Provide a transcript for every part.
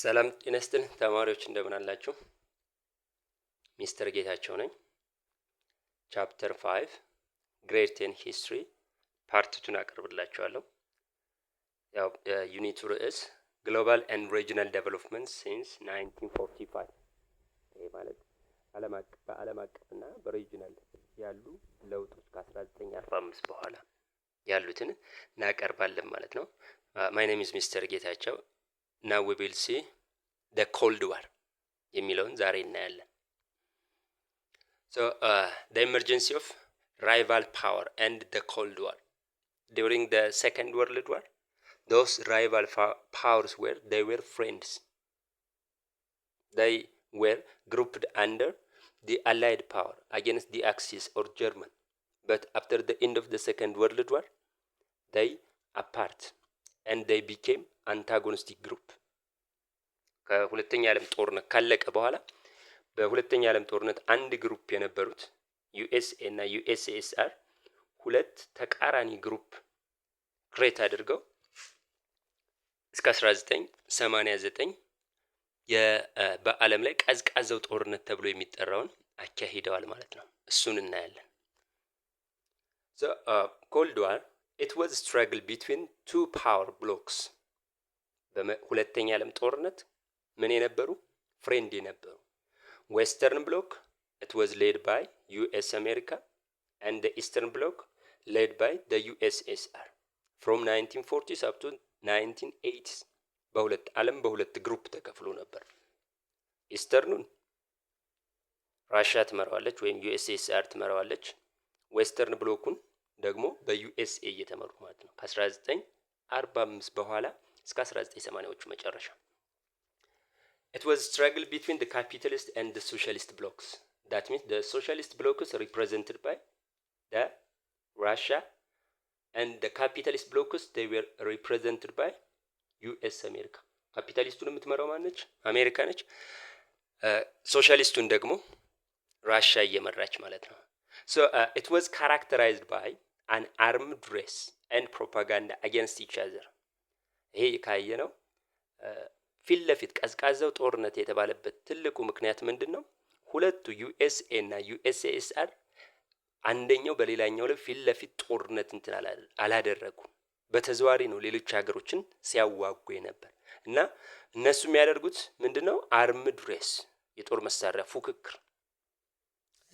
ሰላም ጤና ይስጥልኝ ተማሪዎች እንደምን አላችሁ? ሚስተር ጌታቸው ነኝ። ቻፕተር 5 ግሬድ ቴን ሂስትሪ ፓርት 2 አቀርብላችኋለሁ። ያው ዩኒቱ ርዕስ ግሎባል ኤንድ ሪጂናል ዴቨሎፕመንት ሲንስ 1945 ማለት ዓለም አቀፍ በዓለም አቀፍና በሪጂናል ያሉ ለውጦች ከ1945 በኋላ ያሉትን እናቀርባለን ማለት ነው። ማይ ኔም ኢዝ ሚስተር ጌታቸው ናው ዊል ሲ ደ ኮልድ ዋር የሚለውን ዛሬ እናያለን። ደ ኢመርጀንሲ ኦፍ ራይቫል ፓወር ኤንድ ደ ኮልድ ዋር ዲሪንግ ደ ሴኮንድ ወርልድ ዋር ዶስ ራይቫል ፓወርስ ዌር ዴይ ዌር ፍሬንድስ ዴይ ዌር ግሩፕድ አንደር ዲ አላይድ ፓወር አጌንስት ዲ አክሲስ ኦር ጀርመን በት አፍተር ደ ኤንድ ኦፍ ደ ሴኮንድ ወርልድ ዋር ዴይ አፓርት ኤንድ ዴይ ቢኬም አንታጎኒስቲክ ግሩፕ ከሁለተኛ ዓለም ጦርነት ካለቀ በኋላ በሁለተኛ ዓለም ጦርነት አንድ ግሩፕ የነበሩት ዩኤስኤ እና ዩኤስኤስአር ሁለት ተቃራኒ ግሩፕ ክሬት አድርገው እስከ 1989 በዓለም ላይ ቀዝቃዛው ጦርነት ተብሎ የሚጠራውን አካሂደዋል ማለት ነው። እሱን እናያለን። ኮልድ ዋር ኢት ዋዝ ስትራግል ቢትዊን ቱ ፓወር ብሎክስ በሁለተኛ ዓለም ጦርነት ምን የነበሩ ፍሬንድ የነበሩ ዌስተርን ብሎክ ኢት ዋዝ ሌድ ባይ ዩኤስ አሜሪካ ኤንድ ኢስተርን ብሎክ ሌድ ባይ ደ ዩኤስኤስአር ፍሮም 1940 አፕ ቱ 1980 በሁለት ዓለም በሁለት ግሩፕ ተከፍሎ ነበር። ኢስተርኑን ራሽያ ትመራዋለች ወይም ዩኤስኤስአር ትመራዋለች። ዌስተርን ብሎኩን ደግሞ በዩኤስኤ እየተመሩ ማለት ነው ከ1945 በኋላ እስከ 1980ዎቹ መጨረሻ ኢት ዋዝ ስትራግል ቢትዊን ዘ ካፒታሊስት ኤንድ ዘ ሶሻሊስት ብሎክስ ዳት ሚንስ ዘ ሶሻሊስት ብሎክስ ሪፕሬዘንትድ ባይ ዘ ራሽያ ኤንድ ዘ ካፒታሊስት ብሎክስ ዴይ ዌር ሪፕሬዘንትድ ባይ ዩኤስ አሜሪካ። ካፒታሊስቱን የምትመራው ማነች? አሜሪካ ነች። ሶሻሊስቱን uh, ደግሞ ራሻ እየመራች ማለት ነው። ሶ ኢት ዋዝ ካራክተራይዝድ ባይ አን አርምድ ሬስ ኤንድ ፕሮፓጋንዳ አጌንስት ኢች አዘር ይሄ ካየ ነው ፊት ለፊት ቀዝቃዛው ጦርነት የተባለበት ትልቁ ምክንያት ምንድን ነው? ሁለቱ ዩኤስኤ እና ዩኤስኤስአር አንደኛው በሌላኛው ላይ ፊት ለፊት ጦርነት እንትን አላደረጉ በተዘዋሪ ነው ሌሎች ሀገሮችን ሲያዋጉ ነበር። እና እነሱ የሚያደርጉት ምንድን ነው? አርምድ ሬስ የጦር መሳሪያ ፉክክር።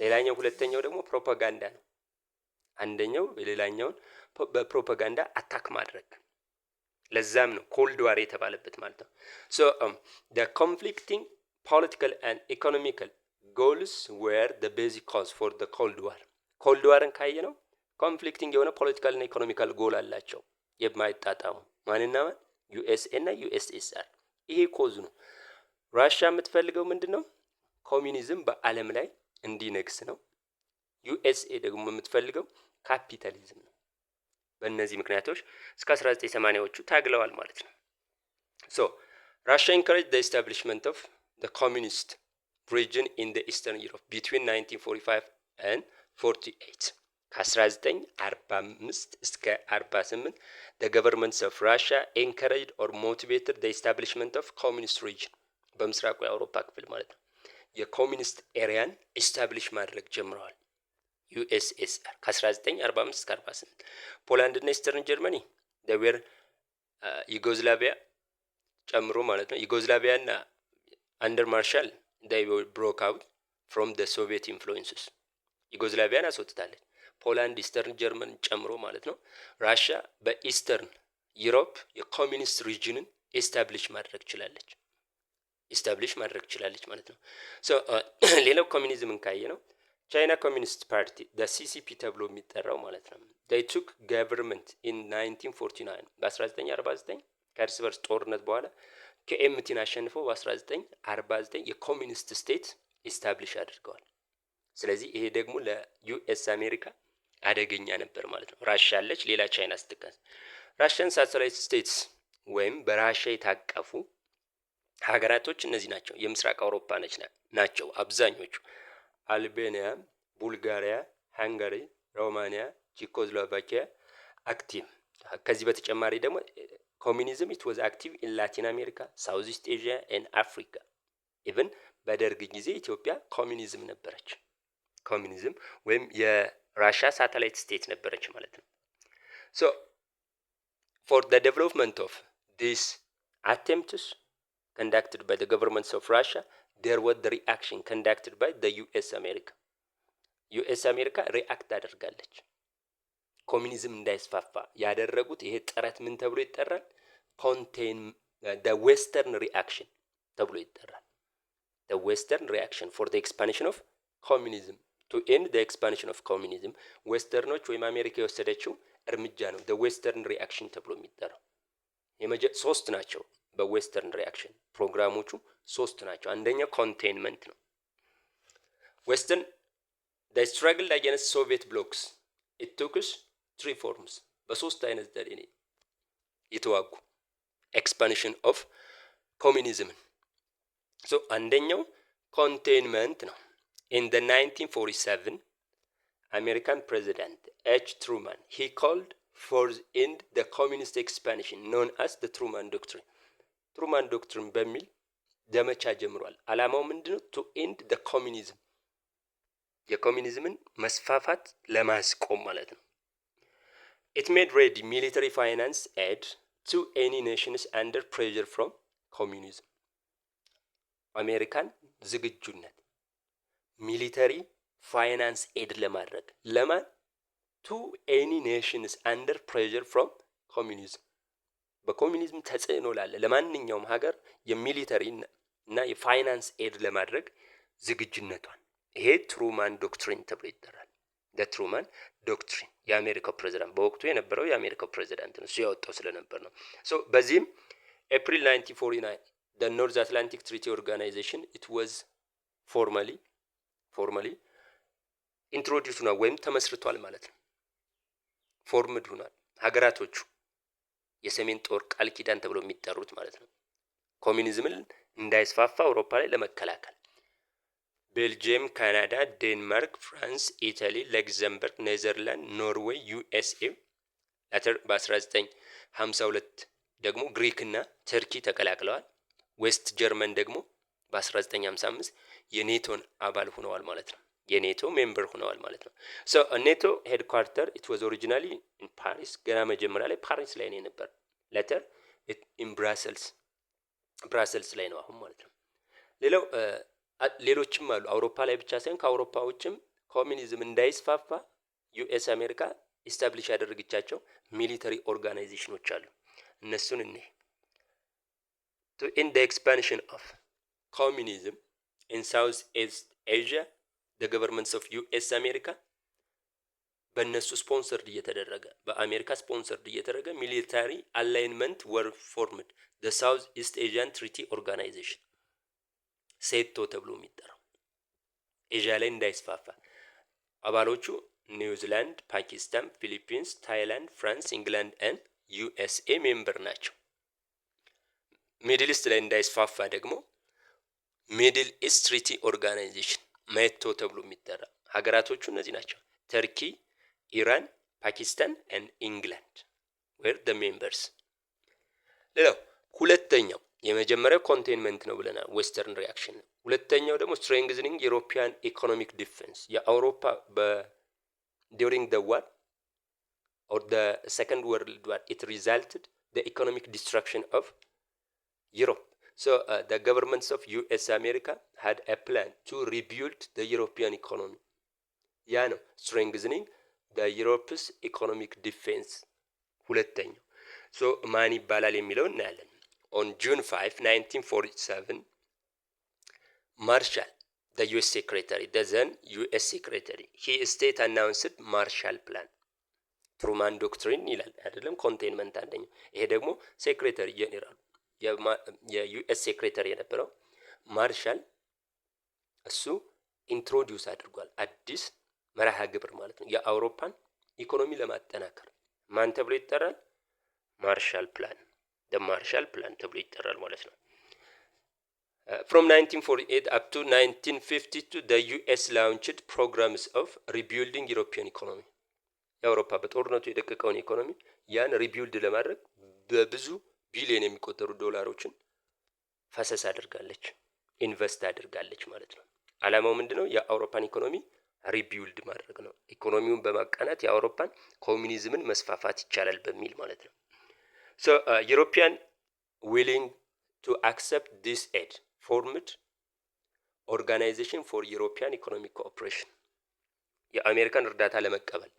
ሌላኛው ሁለተኛው ደግሞ ፕሮፓጋንዳ ነው። አንደኛው የሌላኛውን በፕሮፓጋንዳ አታክ ማድረግ ለዛም ነው ኮልድ ዋር የተባለበት ማለት ነው። ሶ ኮንፍሊክቲንግ ፖለቲካል ኤንድ ኢኮኖሚካል ጎልስ ዌር ዘ ቤዚክ ኮዝ ፎር ኮልድ ዋር። ኮልድ ዋርን ካየ ነው ኮንፍሊክቲንግ የሆነ ፖለቲካል እና ኢኮኖሚካል ጎል አላቸው የማይጣጣሙ ማንና ማን ዩኤስኤ እና ዩኤስኤስአር። ይሄ ኮዝ ነው። ራሻ የምትፈልገው ምንድን ነው? ኮሚኒዝም በዓለም ላይ እንዲነግስ ነው። ዩኤስኤ ደግሞ የምትፈልገው ካፒታሊዝም ነው። በእነዚህ ምክንያቶች እስከ 1980ዎቹ ታግለዋል ማለት ነው። ሶ ራሽያ ኢንካሬጅ ዘ ኢስታብሊሽመንት ኦፍ ዘ ኮሚኒስት ሪጅን ኢን ዘ ኢስተርን ዩሮፕ ቢትዊን 1945 ኤን 48 ከ1945 እስከ 48 ዘ ገቨርንመንትስ ኦፍ ራሽያ ኤንካሬጅድ ኦር ሞቲቬትድ ዘ ኢስታብሊሽመንት ኦፍ ኮሚኒስት ሪጅን በምስራቁ የአውሮፓ ክፍል ማለት ነው የኮሚኒስት ኤሪያን ኢስታብሊሽ ማድረግ ጀምረዋል። ዩኤስኤስአር ከ1945 እስከ 48 ፖላንድ እና ኢስተርን ጀርመኒ ደዌር ዩጎዝላቪያ ጨምሮ ማለት ነው። ዩጎዝላቪያ አንደር ማርሻል ዳይ ብሮክ አውት ፍሮም ደ ሶቪየት ኢንፍሉዌንስስ ዩጎዝላቪያን አስወጥታለች። ፖላንድ ኢስተርን ጀርመን ጨምሮ ማለት ነው። ራሽያ በኢስተርን ዩሮፕ የኮሚኒስት ሪጅንን ኤስታብሊሽ ማድረግ ችላለች። ኤስታብሊሽ ማድረግ ችላለች ማለት ነው። ሌላው ኮሚኒዝምን ካየ ነው ቻይና ኮሚኒስት ፓርቲ ሲሲፒ ተብሎ የሚጠራው ማለት ነው ቱክ ገቨርንመንት ኢን 1949 በ1949 ከእርስ በርስ ጦርነት በኋላ ከኤምቲን አሸንፈው በ1949 የኮሚኒስት ስቴት ኢስታብሊሽ አድርገዋል። ስለዚህ ይሄ ደግሞ ለዩኤስ አሜሪካ አደገኛ ነበር ማለት ነው። ራሻ አለች፣ ሌላ ቻይና ስትቀስ ራሽያን ሳተላይት ስቴትስ ወይም በራሻ የታቀፉ ሀገራቶች እነዚህ ናቸው። የምስራቅ አውሮፓ ናቸው አብዛኞቹ አልቤኒያ፣ ቡልጋሪያ፣ ሃንጋሪ፣ ሮማኒያ፣ ቺኮዝሎቫኪያ አክቲቭ ከዚህ በተጨማሪ ደግሞ ኮሚኒዝም ኢት ወዝ አክቲቭ ኢን ላቲን አሜሪካ ሳውዝ ኢስት ኤዥያ ኤን አፍሪካ ኢቨን በደርግ ጊዜ ኢትዮጵያ ኮሚኒዝም ነበረች። ኮሚኒዝም ወይም የራሻ ሳተላይት ስቴት ነበረች ማለት ነው። ሶ ፎር ደ ዴቨሎፕመንት ኦፍ ዲስ አቴምፕትስ ኮንዳክትድ ባይ ደ ገቨርንመንትስ ኦፍ ራሻ ዴር ወዝ ዘ ሪአክሽን ኮንዳክትድ ባይ ዘ ዩኤስ አሜሪካ ዩኤስ አሜሪካ ሪአክት አድርጋለች። ኮሚኒዝም እንዳይስፋፋ ያደረጉት ይሄ ጥረት ምን ተብሎ ይጠራል? ኮንቴን ዌስተርን ሪአክሽን ተብሎ ይጠራል። ዌስተርን ሪአክሽን ፎር ኤክስፓንሽን ኦፍ ኮሚኒዝም ቱ ኤንድ ኤክስፓንሽን ኦፍ ኮሚኒዝም ዌስተርኖች ወይም አሜሪካ የወሰደችው እርምጃ ነው ዌስተርን ሪአክሽን ተብሎ የሚጠራው። ሶስት ናቸው በዌስተርን ሪያክሽን ፕሮግራሞቹ ሶስት ናቸው። አንደኛው ኮንቴንመንት ነው። ዌስተርን ደ ስትራግል አጌንስት ሶቪየት ብሎክስ ኢት ቱክስ ትሪ ፎርምስ በሶስት አይነት ዘዴ ነው የተዋጉ ኤክስፓንሽን ኦፍ ኮሚኒዝምን ሶ አንደኛው ኮንቴንመንት ነው። ኢን ደ 1947 አሜሪካን ፕሬዚዳንት ኤች ትሩማን ሂ ኮልድ ፎር ኢንድ ደ ኮሚኒስት ኤክስፓንሽን ኖን አስ ደ ትሩማን ዶክትሪን ትሩማን ዶክትሪን በሚል ዘመቻ ጀምሯል። አላማው ምንድነው? ቱ ኤንድ ደ ኮሚኒዝም የኮሚኒዝምን መስፋፋት ለማስቆም ማለት ነው። ኢት ሜድ ሬዲ ሚሊተሪ ፋይናንስ ኤድ ቱ ኤኒ ኔሽንስ አንደር ፕሬዠር ፍሮም ኮሚኒዝም አሜሪካን ዝግጁነት ሚሊተሪ ፋይናንስ ኤድ ለማድረግ ለማን ቱ ኤኒ ኔሽንስ አንደር ፕሬዥር ፍሮም ኮሚኒዝም በኮሚኒዝም ተጽዕኖ ላለ ለማንኛውም ሀገር የሚሊተሪ እና የፋይናንስ ኤድ ለማድረግ ዝግጁነቷን ይሄ ትሩማን ዶክትሪን ተብሎ ይጠራል። ትሩማን ዶክትሪን የአሜሪካው ፕሬዚዳንት በወቅቱ የነበረው የአሜሪካው ፕሬዚዳንት ነው እሱ ያወጣው ስለነበር ነው። በዚህም ኤፕሪል 1949 ኖርዝ አትላንቲክ ትሪቲ ኦርጋናይዜሽን ኢት ዋዝ ፎርማሊ ፎርማሊ ኢንትሮዲውስ ሆኗል ወይም ተመስርቷል ማለት ነው። ፎርምድ ሆኗል ሀገራቶቹ የሰሜን ጦር ቃል ኪዳን ተብሎ የሚጠሩት ማለት ነው። ኮሚኒዝምን እንዳይስፋፋ አውሮፓ ላይ ለመከላከል ቤልጅየም፣ ካናዳ፣ ዴንማርክ፣ ፍራንስ፣ ኢታሊ፣ ለግዘምበርግ፣ ኔዘርላንድ፣ ኖርዌይ፣ ዩኤስኤ ላተር በ1952 ደግሞ ግሪክና ተርኪ ተቀላቅለዋል። ዌስት ጀርመን ደግሞ በ1955 የኔቶን አባል ሆነዋል ማለት ነው። የኔቶ ሜምበር ሆነዋል ማለት ነው። ሶ ኔቶ ሄድኳርተር ኢት ዋዝ ኦሪጂናሊ ፓሪስ፣ ገና መጀመሪያ ላይ ፓሪስ ላይ ነው የነበር ለተር ኢን ብራሰልስ ብራሰልስ ላይ ነው አሁን ማለት ነው። ሌላው ሌሎችም አሉ አውሮፓ ላይ ብቻ ሳይሆን ከአውሮፓ ውጭም ኮሚኒዝም እንዳይስፋፋ ዩኤስ አሜሪካ ኢስታብሊሽ ያደረገቻቸው ሚሊተሪ ኦርጋናይዜሽኖች አሉ። እነሱን እኔ ቱ ኢን ደ ኤክስፓንሽን ኦፍ ኮሚኒዝም ኢን ሳውዝ ኢስት ኤዥያ ገቨርንመንትስ ኦፍ ዩኤስ አሜሪካ በእነሱ ስፖንሰርድ እየተደረገ በአሜሪካ ስፖንሰርድ እየተደረገ ሚሊታሪ አላይንመንት ወር ፎርምድ ደ ሳውዝ ኢስት ኤዥያን ትሪቲ ኦርጋናይዜሽን ሴቶ ተብሎ የሚጠራው ኤዥያ ላይ እንዳይስፋፋ አባሎቹ ኒውዚላንድ፣ ፓኪስታን፣ ፊሊፒንስ፣ ታይላንድ፣ ፍራንስ፣ ኢንግላንድ ኤን ዩኤስኤ ሜምበር ናቸው። ሚድል ኢስት ላይ እንዳይስፋፋ ደግሞ ሚድል ኢስት ትሪቲ ኦርጋናይዜሽን መቶ ተብሎ የሚጠራ ሀገራቶቹ እነዚህ ናቸው። ተርኪ፣ ኢራን፣ ፓኪስታን ኤን ኢንግላንድ ዌር ደ ሜምበርስ። ሌላው ሁለተኛው የመጀመሪያው ኮንቴንመንት ነው ብለናል፣ ዌስተርን ሪያክሽን ነው። ሁለተኛው ደግሞ ስትሬንግዝኒንግ ዩሮፒያን ኢኮኖሚክ ዲፌንስ የአውሮፓ በዲሪንግ ደ ዋር ኦር ደ ሰከንድ ወርልድ ዋር ኢት ሪዛልትድ ኢኮኖሚክ ዲስትራክሽን ኦፍ ዩሮፕ So uh, the governments of US America had a plan to rebuild the European economy ያ ነው ስትሬንግዝኒንግ የዩሮፕስ ኢኮኖሚክ ዲፌንስ ሁለተኛው ሶ ማን ይባላል የሚለውን እናያለን። ኦን ጁን 5 1947 Marshall the US secretary the then US secretary he state announced Marshall plan ትሩማን ዶክትሪን ይላል አይደለም ኮንቴንመንት አንደኛው ይሄ ደግሞ ሴክሬተሪ ጄኔራሉ የዩኤስ ሴክሬታሪ የነበረው ማርሻል እሱ ኢንትሮዲውስ አድርጓል አዲስ መርሃ ግብር ማለት ነው። የአውሮፓን ኢኮኖሚ ለማጠናከር ማን ተብሎ ይጠራል? ማርሻል ፕላን ማርሻል ፕላን ተብሎ ይጠራል ማለት ነው። ፍሮም 1948 አፕ ቱ 1952 ዘ ዩኤስ ላውንችድ ፕሮግራምስ ኦፍ ሪቢልዲንግ ዩሮፒያን ኢኮኖሚ የአውሮፓ በጦርነቱ የደቀቀውን ኢኮኖሚ ያን ሪቢልድ ለማድረግ በብዙ ቢሊዮን የሚቆጠሩ ዶላሮችን ፈሰስ አድርጋለች፣ ኢንቨስት አድርጋለች ማለት ነው። አላማው ምንድነው? የአውሮፓን ኢኮኖሚ ሪቢውልድ ማድረግ ነው። ኢኮኖሚውን በማቃናት የአውሮፓን ኮሚኒዝምን መስፋፋት ይቻላል በሚል ማለት ነው። ሶ ዩሮፒያን ዊሊንግ ቱ አክሰፕት ዲስ ኤድ ፎርምድ ኦርጋናይዜሽን ፎር ዩሮፒያን ኢኮኖሚክ ኮኦፕሬሽን የአሜሪካን እርዳታ ለመቀበል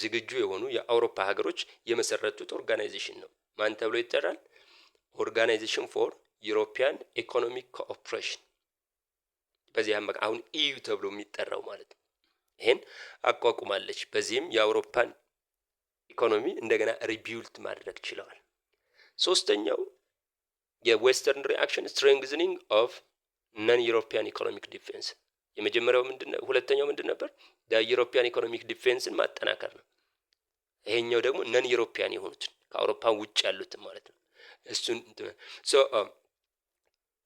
ዝግጁ የሆኑ የአውሮፓ ሀገሮች የመሰረቱት ኦርጋናይዜሽን ነው። ማን ተብሎ ይጠራል? ኦርጋናይዜሽን ፎር ዩሮፒያን ኢኮኖሚክ ኮኦፕሬሽን በዚህ አሁን ኢዩ e ተብሎ የሚጠራው ማለት ነው። ይሄን አቋቁማለች። በዚህም የአውሮፓን ኢኮኖሚ እንደገና ሪቢውልት ማድረግ ችለዋል። ሶስተኛው የዌስተርን ሪአክሽን ስትሬንግዝኒንግ ኦፍ ነን ዩሮፒያን ኢኮኖሚክ ዲፌንስ የመጀመሪያው ምንድን ነው? ሁለተኛው ምንድን ነበር? ዩሮፒያን ኢኮኖሚክ ዲፌንስን ማጠናከር ነው። ይሄኛው ደግሞ ነን ዩሮፒያን የሆኑትን ከአውሮፓ ውጭ ያሉትም ማለት ነው። እሱን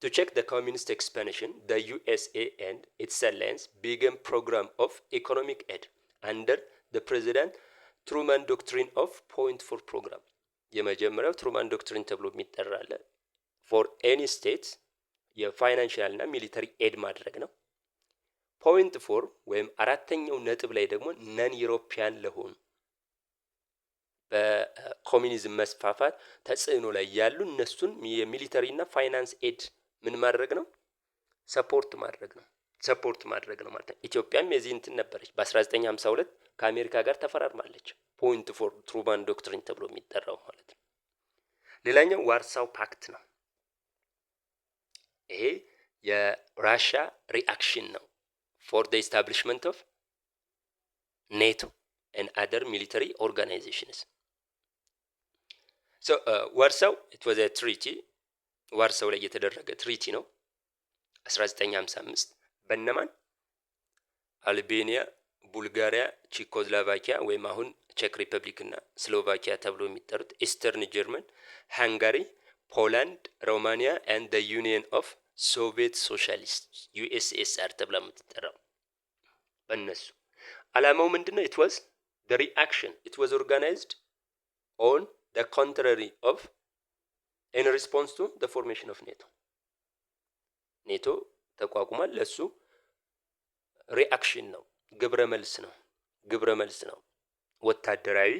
ቱ ቼክ ዘ ኮሚኒስት ኤክስፓንሽን ዘ ዩኤስኤ ኤንድ ኢትስ አላያንስ ቢገን ፕሮግራም ኦፍ ኢኮኖሚክ ኤድ አንደር ዘ ፕሬዚዳንት ትሩማን ዶክትሪን ኦፍ ፖይንት ፎር ፕሮግራም የመጀመሪያው ትሩማን ዶክትሪን ተብሎ የሚጠራ አለ። ፎር ኤኒ ስቴት የፋይናንሽያል እና ሚሊተሪ ኤድ ማድረግ ነው። ፖይንት ፎር ወይም አራተኛው ነጥብ ላይ ደግሞ ነን ዩሮፒያን ለሆኑ በኮሚኒዝም መስፋፋት ተጽዕኖ ላይ ያሉ እነሱን የሚሊተሪና ፋይናንስ ኤድ ምን ማድረግ ነው? ሰፖርት ማድረግ ነው። ሰፖርት ማድረግ ነው ማለት ነው። ኢትዮጵያም የዚህ እንትን ነበረች። በ1952 ከአሜሪካ ጋር ተፈራርማለች። ፖይንት ፎር ትሩማን ዶክትሪን ተብሎ የሚጠራው ማለት ነው። ሌላኛው ዋርሳው ፓክት ነው። ይሄ የራሻ ሪአክሽን ነው ፎር ደ ኦፍ ኔቶ አደር ሚሊተሪ ኦርጋናይዜሽንስ ወርሰው ወዘ ትሪቲ ዋርሰው ላይ የተደረገ ትሪቲ ነው 1955 በነማን አልቤኒያ፣ ቡልጋሪያ፣ ቼኮስሎቫኪያ ወይም አሁን ቼክ ሪፐብሊክ እና ስሎቫኪያ ተብሎ የሚጠሩት ኢስተርን ጀርመን፣ ሃንጋሪ፣ ፖላንድ፣ ሮማኒያ ኤንድ ዘ ዩኒየን ኦፍ ሶቪየት ሶሻሊስት ዩኤስኤስአር ተብላ የምትጠራው በእነሱ አላማው ምንድን ነው? ኢት ዋዝ ሪአክሽን ኢት ዋዝ ኦርጋናይዝድ ኦን the contrary of in response to the formation of NATO ኔቶ ተቋቁሟል። ለሱ ሪአክሽን ነው፣ ግብረ መልስ ነው፣ ግብረ መልስ ነው። ወታደራዊ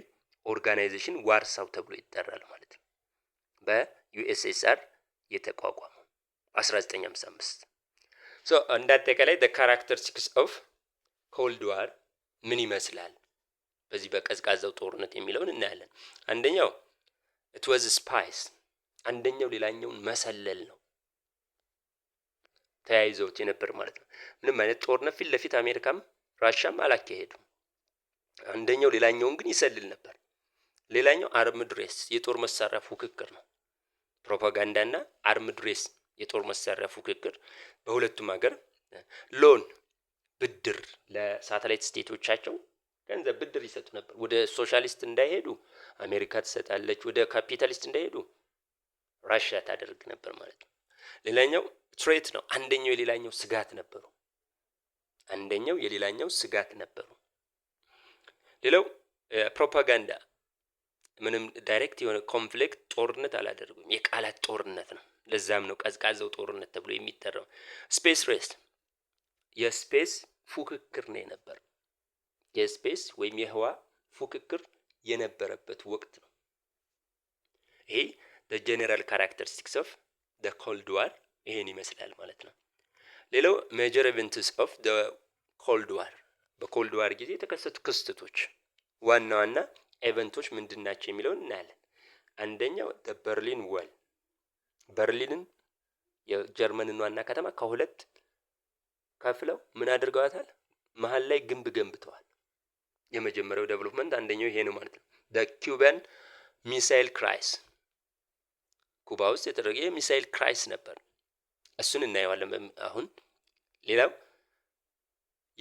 ኦርጋናይዜሽን ዋርሳው ተብሎ ይጠራል ማለት ነው። በዩኤስኤስአር የተቋቋመው 1955 ሶ እንደ አጠቃላይ ካራክተሪስቲክስ ኦፍ ኮልድ ዋር ምን ይመስላል በዚህ በቀዝቃዛው ጦርነት የሚለውን እናያለን። አንደኛው ኢት ስፓይስ፣ አንደኛው ሌላኛውን መሰለል ነው። ተያይዘውት የነበር ማለት ነው። ምንም አይነት ጦርነት ፊት ለፊት አሜሪካም ራሻም አላካሄዱም። አንደኛው ሌላኛውን ግን ይሰልል ነበር። ሌላኛው አርምድሬስ የጦር መሳሪያ ፉክክር ነው። ፕሮፓጋንዳና አርምድሬስ የጦር መሳሪያ ፉክክር በሁለቱም ሀገር ሎን ብድር ለሳተላይት ስቴቶቻቸው ገንዘብ ብድር ይሰጡ ነበር። ወደ ሶሻሊስት እንዳይሄዱ አሜሪካ ትሰጣለች፣ ወደ ካፒታሊስት እንዳይሄዱ ራሽያ ታደርግ ነበር ማለት ነው። ሌላኛው ትሬት ነው። አንደኛው የሌላኛው ስጋት ነበሩ። አንደኛው የሌላኛው ስጋት ነበሩ። ሌላው ፕሮፓጋንዳ ምንም ዳይሬክት የሆነ ኮንፍሊክት ጦርነት አላደርጉም። የቃላት ጦርነት ነው። ለዛም ነው ቀዝቃዛው ጦርነት ተብሎ የሚጠራው። ስፔስ ሬስ የስፔስ ፉክክር ነው የነበረው። የስፔስ ወይም የህዋ ፉክክር የነበረበት ወቅት ነው። ይሄ ጀኔራል ካራክተሪስቲክስ ኦፍ ደ ኮልድ ዋር ይሄን ይመስላል ማለት ነው። ሌላው ሜጀር ኢቨንትስ ኦፍ ደ ኮልድ ዋር በኮልድ ዋር ጊዜ የተከሰቱ ክስተቶች ዋና ዋና ኤቨንቶች ምንድን ናቸው የሚለውን እናያለን። አንደኛው ደ በርሊን ወል በርሊንን የጀርመንን ዋና ከተማ ከሁለት ከፍለው ምን አድርገዋታል? መሀል ላይ ግንብ ገንብተዋል። የመጀመሪያው ዴቨሎፕመንት አንደኛው ይሄ ነው ማለት ነው። በኪውበን ሚሳይል ክራይስ ኩባ ውስጥ የተደረገ የሚሳይል ክራይስ ነበር። እሱን እናየዋለን። አሁን ሌላው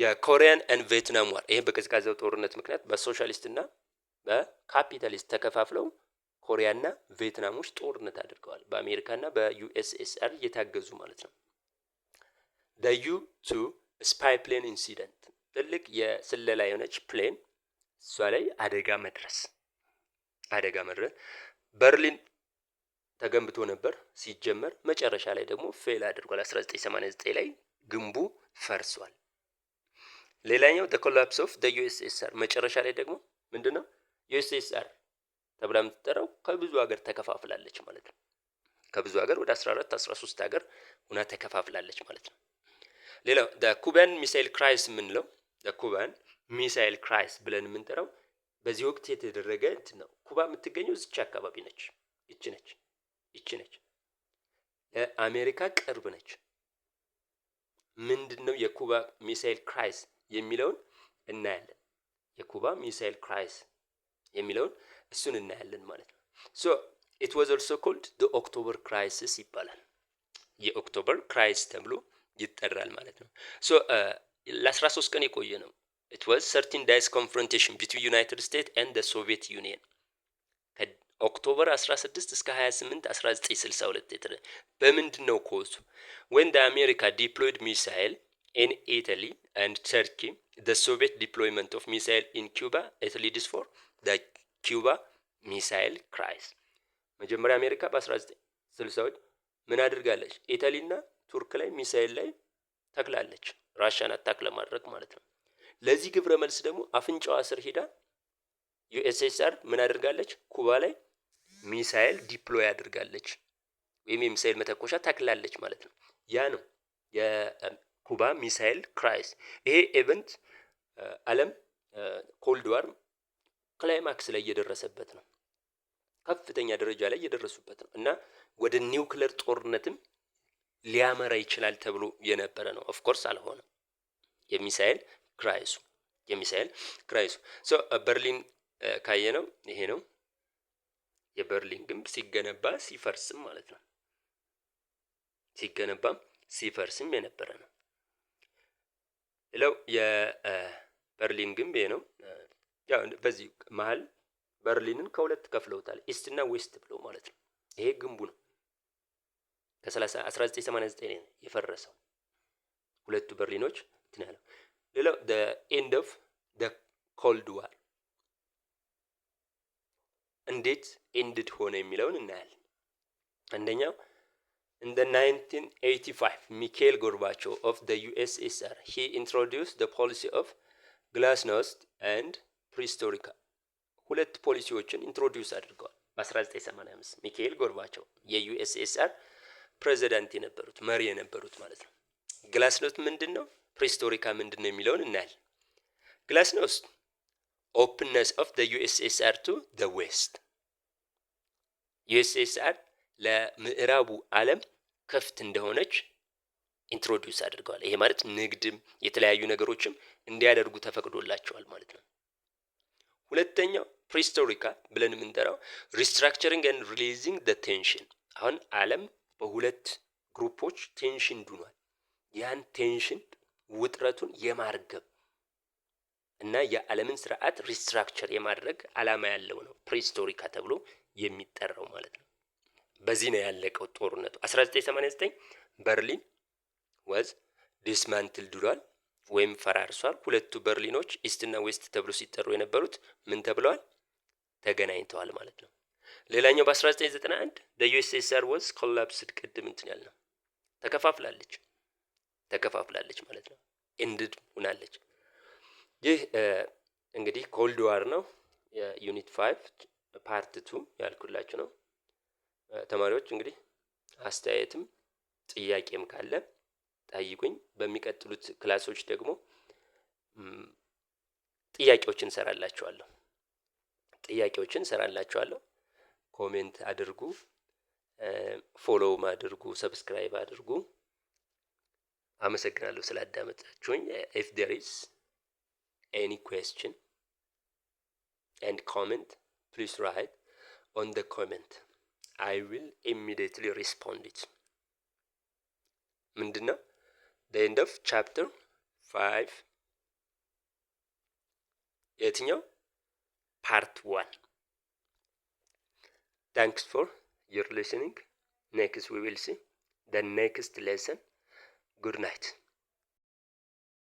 የኮሪያን ኤንድ ቬትናም ዋር ይሄ በቀዝቃዛው ጦርነት ምክንያት በሶሻሊስትና በካፒታሊስት ተከፋፍለው ኮሪያና ቪየትናሞች ጦርነት አድርገዋል። በአሜሪካና በዩኤስኤስአር እየታገዙ ማለት ነው። ዩ ቱ ስፓይ ፕሌን ኢንሲደንት ትልቅ የስለላ የሆነች ፕሌን እሷ ላይ አደጋ መድረስ አደጋ መድረስ በርሊን ተገንብቶ ነበር ሲጀመር፣ መጨረሻ ላይ ደግሞ ፌል አድርጓል። 1989 ላይ ግንቡ ፈርሷል። ሌላኛው ደ ኮላፕስ ኦፍ ደ ዩኤስኤስአር መጨረሻ ላይ ደግሞ ምንድን ነው ዩኤስኤስአር ተብላ የምትጠራው ከብዙ ሀገር ተከፋፍላለች ማለት ነው። ከብዙ ሀገር ወደ 14 13 ሀገር ሁና ተከፋፍላለች ማለት ነው። ሌላው ኩባን ሚሳይል ክራይስ የምንለው ኩባን ሚሳኤል ክራይስ ብለን የምንጠራው በዚህ ወቅት የተደረገ እንትን ነው። ኩባ የምትገኘው እዚች አካባቢ ነች። ይች ነች፣ ይች ነች። ለአሜሪካ ቅርብ ነች። ምንድን ነው የኩባ ሚሳኤል ክራይስ የሚለውን እናያለን። የኩባ ሚሳኤል ክራይስ የሚለውን እሱን እናያለን ማለት ነው። ሶ ኢት ዋዝ ኦልሶ ኮልድ ኦክቶበር ክራይሲስ ይባላል። የኦክቶበር ክራይስ ተብሎ ይጠራል ማለት ነው። ሶ ለ13 ቀን የቆየ ነው። ኢት ዋዝ ሰርቲን ዳይስ ኮንፍሮንቴሽን ቢትዊን ዩናይትድ ስቴትስ ኤንድ ሶቪየት ዩኒየን ኦክቶበር 16 እስከ 28 1962 የተደ በምንድን ነው ኮዙ? ወን ደ አሜሪካ ዲፕሎይድ ሚሳይል ኢን ኢታሊ አንድ ተርኪ ደ ሶቪየት ዲፕሎይመንት ኦፍ ሚሳይል ኢን ኪዩባ ኢት ሊድስ ፎር ደ ኪዩባ ሚሳይል ክራይስ። መጀመሪያ አሜሪካ በ 1960 ምን አድርጋለች? ኢታሊና ቱርክ ላይ ሚሳይል ላይ ተክላለች። ራሽያን አታክ ለማድረግ ማለት ነው። ለዚህ ግብረ መልስ ደግሞ አፍንጫዋ ስር ሂዳ ዩኤስኤስአር ምን አድርጋለች? ኩባ ላይ ሚሳኤል ዲፕሎይ አድርጋለች፣ ወይም የሚሳኤል መተኮሻ ታክላለች ማለት ነው። ያ ነው የኩባ ሚሳኤል ክራይስ። ይሄ ኤቨንት አለም ኮልድ ዋር ክላይማክስ ላይ እየደረሰበት ነው፣ ከፍተኛ ደረጃ ላይ እየደረሱበት ነው እና ወደ ኒውክለር ጦርነትም ሊያመራ ይችላል ተብሎ የነበረ ነው። ኦፍኮርስ አልሆነም። የሚሳኤል ክራይሱ የሚሳኤል ክራይሱ ሶ በርሊን ካየነው ይሄ ነው የበርሊን ግንብ ሲገነባ ሲፈርስም ማለት ነው ሲገነባም ሲፈርስም የነበረ ነው። ሌላው የበርሊን ግንብ ይሄ ነው። ያው በዚህ መሀል በርሊንን ከሁለት ከፍለውታል፣ ኢስት እና ዌስት ብለው ማለት ነው። ይሄ ግንቡ ነው ከ1989 የፈረሰው ሁለቱ በርሊኖች እንትን ያለው ሌላው ኤንድ ኦፍ ኮልድ ዋር እንዴት ኤንድድ ሆነ የሚለውን እናያለን። አንደኛው እንደ 1985 ሚካኤል ጎርባቾ ኦፍ ደ ዩኤስኤስአር ሂ ኢንትሮዲውስ ደ ፖሊሲ ኦፍ ግላስኖስት ኤንድ ፕሪስቶሪካ ሁለት ፖሊሲዎችን ኢንትሮዲውስ አድርገዋል። በ1985 ሚካኤል ጎርባቾቭ የዩኤስኤስአር ፕሬዚዳንት የነበሩት መሪ የነበሩት ማለት ነው። ግላስኖስት ምንድን ነው? ፕሪስቶሪካ ምንድን ነው የሚለውን እናያለን። ግላስኖስት ኦፕንነስ ኦፍ ዘ ዩኤስኤስአር ቱ ዌስት ዩኤስኤስአር ለምዕራቡ ዓለም ክፍት እንደሆነች ኢንትሮዲውስ አድርገዋል። ይሄ ማለት ንግድም የተለያዩ ነገሮችም እንዲያደርጉ ተፈቅዶላቸዋል ማለት ነው። ሁለተኛው ፕሪስቶሪካ ብለን የምንጠራው ሪስትራክቸሪንግ ን ሪሊዚንግ ደ ቴንሽን። አሁን ዓለም በሁለት ግሩፖች ቴንሽን ዱኗል። ያን ቴንሽን ውጥረቱን የማርገብ እና የዓለምን ስርዓት ሪስትራክቸር የማድረግ ዓላማ ያለው ነው። ፕሪስቶሪካ ተብሎ የሚጠራው ማለት ነው። በዚህ ነው ያለቀው ጦርነቱ። 1989 በርሊን ወዝ ዲስማንትል ድሏል ወይም ፈራርሷል። ሁለቱ በርሊኖች ኢስትና ዌስት ተብሎ ሲጠሩ የነበሩት ምን ተብለዋል? ተገናኝተዋል ማለት ነው። ሌላኛው በ1991 ዩኤስኤስአር ወዝ ኮላፕስድ ቅድም እንትን ነው ተከፋፍላለች። ተከፋፍላለች ማለት ነው። ኤንድድ ሆናለች። ይህ እንግዲህ ኮልድ ዋር ነው። የዩኒት ፋይቭ ፓርት ቱ ያልኩላችሁ ነው። ተማሪዎች እንግዲህ አስተያየትም ጥያቄም ካለ ጠይቁኝ። በሚቀጥሉት ክላሶች ደግሞ ጥያቄዎችን ሰራላችኋለሁ ጥያቄዎችን ሰራላችኋለሁ። ኮሜንት አድርጉ፣ ፎሎውም አድርጉ፣ ሰብስክራይብ አድርጉ። አመሰግናለሁ ስላዳመጣችሁኝ። ኢፍ ዴር ኢዝ ኤኒ ኩዌስችን ኤንድ ኮሜንት ፕሊዝ ራይት ኦን ደ ኮሜንት አይ ዊል ኢሚዲየትሊ ሪስፖንድ ኢት። ምንድን ነው ደ ኤንድ ኦፍ ቻፕተር ፋይቭ የትኛው ፓርት ዋን። ታንክስ ፎር ዩር ሊስኒንግ ኔክስት ዊ ዊል ሲ ደ ኔክስት ሌሰን ጉድ ናይት።